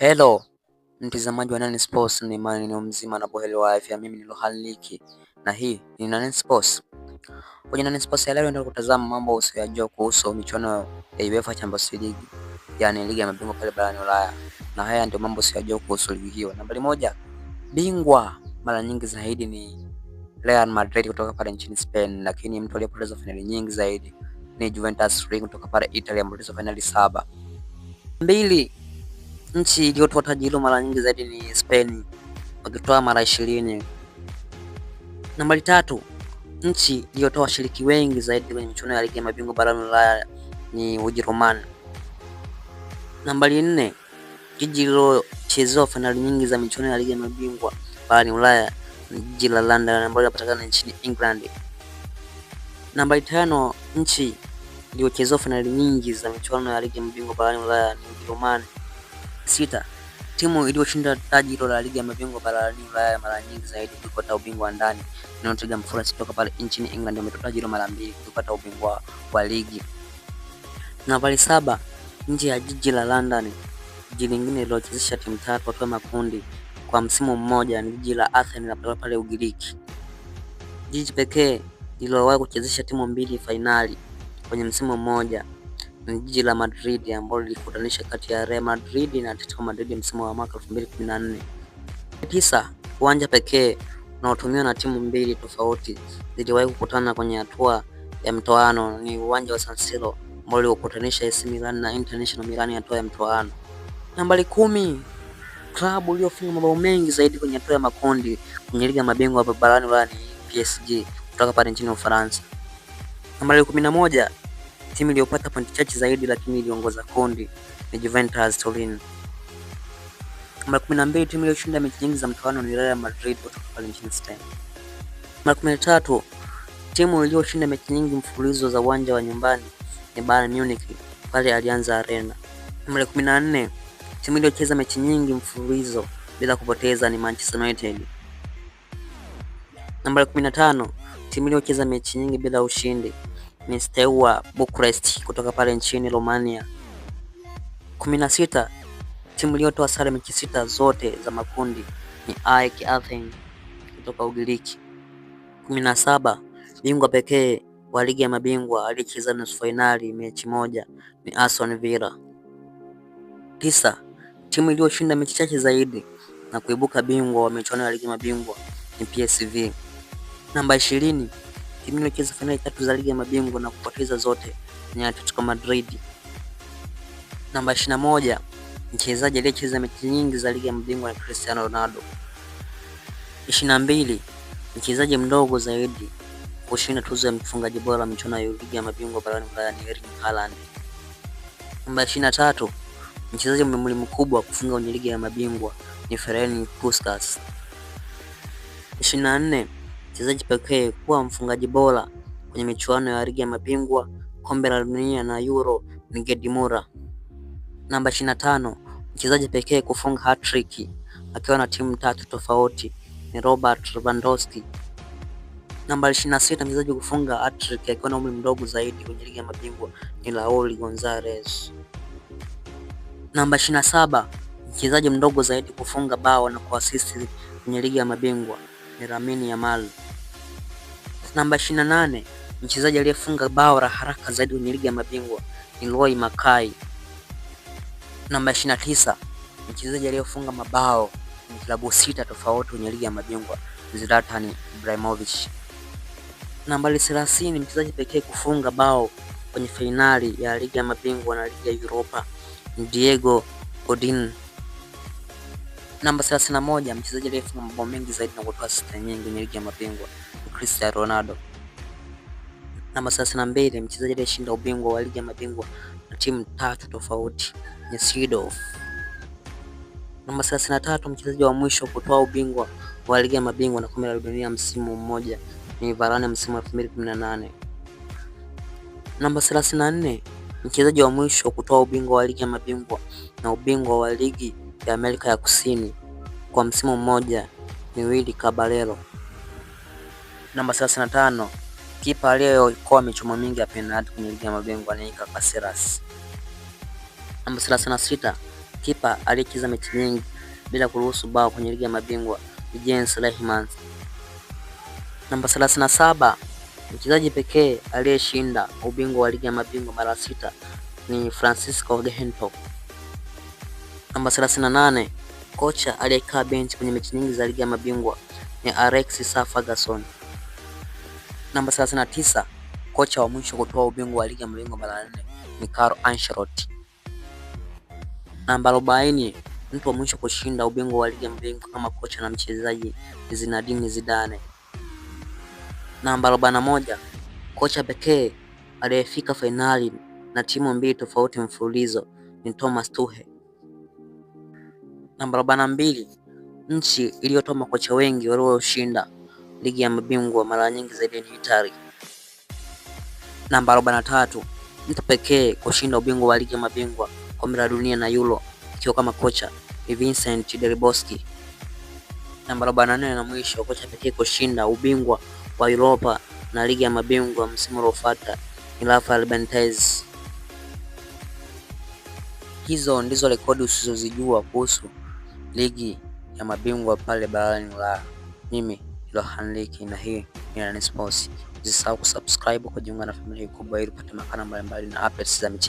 Hello mtazamaji wa Nine Sports, ni ni mzima na boheli wa afya. Mimi ni Lohan Liki na hii ni Nine Sports. Kwenye Nine Sports ya leo ndio kutazama mambo usiyojua kuhusu michuano ya UEFA Champions League, yani ligi ya mabingwa pale barani Ulaya, na haya ndio mambo usiyojua kuhusu ligi hiyo. Nambari moja, bingwa mara nyingi zaidi ni Real Madrid kutoka pale nchini Spain, lakini mtu aliyepoteza finali nyingi zaidi ni Juventus kutoka pale Italy, amepoteza finali saba. Mbili, nchi iliyotoa taji hilo mara nyingi zaidi ni Spain wakitoa mara ishirini. Nambari tatu, nchi iliyotoa washiriki wengi zaidi kwenye michuano ya ligi ya mabingwa barani Ulaya ni Ujerumani. Nambari nne, jiji lilochezewa fainali nyingi za michuano ya ligi ya mabingwa barani Ulaya ni jiji la London ambalo linapatikana nchini England. Nambari tano, nchi iliyochezewa fainali nyingi za michuano ya ligi ya mabingwa barani Ulaya ni Ujerumani. Sita, timu iliyoshinda taji hilo la ligi ya mabingwa barani Ulaya mara nyingi zaidi kuliko hata ubingwa wa ndani na Nottingham Forest kutoka pale nchini England wametoa taji hilo mara mbili kuliko hata ubingwa wa ligi. Nambari saba, nje ya jiji la London, jiji lingine lilochezesha timu tatu katika makundi kwa msimu mmoja ni jiji la Athens la pale Ugiriki, jiji pekee lililowahi kuchezesha timu mbili fainali kwenye msimu mmoja ni jiji la Madrid ambalo lilikutanisha kati ya Real Madrid na Atletico Madrid msimu wa mwaka 2014. Tisa, uwanja pekee unaotumiwa na timu mbili tofauti ziliwahi kukutana kwenye hatua ya mtoano ni uwanja wa San Siro ambao uliokutanisha AC Milan na International Milan hatua ya mtoano. Nambari kumi, klabu iliyofunga mabao mengi zaidi kwenye hatua ya makundi kwenye ligi ya mabingwa barani Ulaya ni PSG kutoka pale nchini Ufaransa. Nambari kumi na moja timu iliyopata pointi chache zaidi lakini iliongoza kundi ni Juventus Turin. Mara 12 timu iliyoshinda mechi nyingi za mtaano ni Real Madrid kutoka pale nchini Spain. Mara 13 timu iliyoshinda mechi nyingi mfululizo za uwanja wa nyumbani ni Bayern Munich pale Allianz Arena. Mara 14 timu iliyocheza mechi nyingi mfululizo bila kupoteza ni Manchester United. Nambari 15 timu iliyocheza mechi nyingi bila ushindi ni Steaua Bucharest kutoka pale nchini Romania. kumi na sita timu iliyotoa sare mechi sita zote za makundi ni AEK Athens kutoka Ugiriki. kumi na saba bingwa pekee wa ligi ya mabingwa alicheza nusu fainali mechi moja ni Aston Villa. Tisa, timu iliyoshinda mechi chache zaidi na kuibuka bingwa wa michuano ya ligi ya mabingwa ni PSV. Namba Firmino alicheza fainali tatu za ligi ya mabingwa na kupoteza zote ni Atletico Madrid. Namba 21, mchezaji aliyecheza mechi nyingi za ligi ya mabingwa na Cristiano Ronaldo. 22, mchezaji mdogo zaidi kushinda tuzo ya mfungaji bora michuano ya ligi ya mabingwa barani Ulaya ni Erling Haaland. Namba 23, mchezaji mwenye umri mkubwa kufunga kwenye ligi ya mabingwa ni Ferenc Puskas. 24 mchezaji pekee kuwa mfungaji bora kwenye michuano ya ligi ya mabingwa kombe la dunia na Euro ni Gedimura. Namba 25, mchezaji pekee kufunga hat-trick akiwa na timu tatu tofauti ni Robert Lewandowski. Namba 26, mchezaji kufunga hat-trick akiwa na umri mdogo zaidi kwenye ligi ya mabingwa ni Raul Gonzalez. Namba 27, mchezaji mdogo zaidi kufunga bao na kuasisti kwenye ligi ya mabingwa ni Lamine Yamal. Namba 28, mchezaji aliyefunga bao la haraka zaidi kwenye ligi ya mabingwa ni Roy Makai. Namba 29, mchezaji aliyefunga mabao kwenye klabu sita tofauti kwenye ligi ya mabingwa Zlatan Ibrahimovic. Nambari 30, mchezaji pekee kufunga bao kwenye fainali ya ligi ya mabingwa na ligi ya Europa ni Diego Godin. Namba 31, mchezaji aliyefunga mabao mengi zaidi na kutoa asisti nyingi kwenye ligi ya mabingwa Cristiano Ronaldo. Namba thelathini na mbili, mchezaji aliyeshinda ubingwa wa ligi ya mabingwa na timu tatu tofauti ni Seedorf. Namba thelathini na tatu, mchezaji wa mwisho kutoa ubingwa wa ligi ya mabingwa na kombe la dunia msimu mmoja ni Varane msimu wa 2018. Namba 34 mchezaji wa mwisho kutoa ubingwa wa ligi ya mabingwa na ubingwa wa ligi ya Amerika ya Kusini kwa msimu mmoja ni Willy Caballero namba 35 kipa aliyeokoa michomo mingi ya penalti kwenye ligi ya mabingwa ni Iker Casillas. Namba 36 kipa aliyecheza mechi nyingi bila kuruhusu bao kwenye ligi ya mabingwa ni Jens Lehmann. Namba 37 mchezaji pekee aliyeshinda ubingwa wa ligi ya mabingwa mara sita ni Francisco Gento. Namba 38 kocha aliyekaa bench kwenye mechi nyingi za ligi ya mabingwa ni Alex Ferguson namba 39, kocha wa mwisho kutoa ubingwa wa ligi ya mabingwa mara nne ni Carlo Ancelotti. Namba 40, mtu wa mwisho kushinda ubingwa wa ligi ya mabingwa kama kocha na mchezaji Zinedine Zidane. Namba 41, kocha pekee aliyefika fainali na timu mbili tofauti mfululizo ni Thomas Tuchel. Namba 42, nchi iliyotoa makocha wengi walioshinda ligi ya mabingwa mara nyingi zaidi ni Itali. Namba 43 mtu pekee kushinda ubingwa wa ligi ya mabingwa kombe la dunia na Euro ikiwa kama kocha ni Vincent Del Bosque. Namba 44 na mwisho kocha pekee kushinda ubingwa wa Europa na ligi ya mabingwa msimu uliofuata ni Rafael Benitez. Hizo ndizo rekodi usizozijua kuhusu ligi ya mabingwa pale barani Ulaya. Mimi hilo handliki na hii ni Rani Sports. Usisahau kusubscribe kujiunga na familia kubwa ili upate makala mbalimbali na updates za michezo.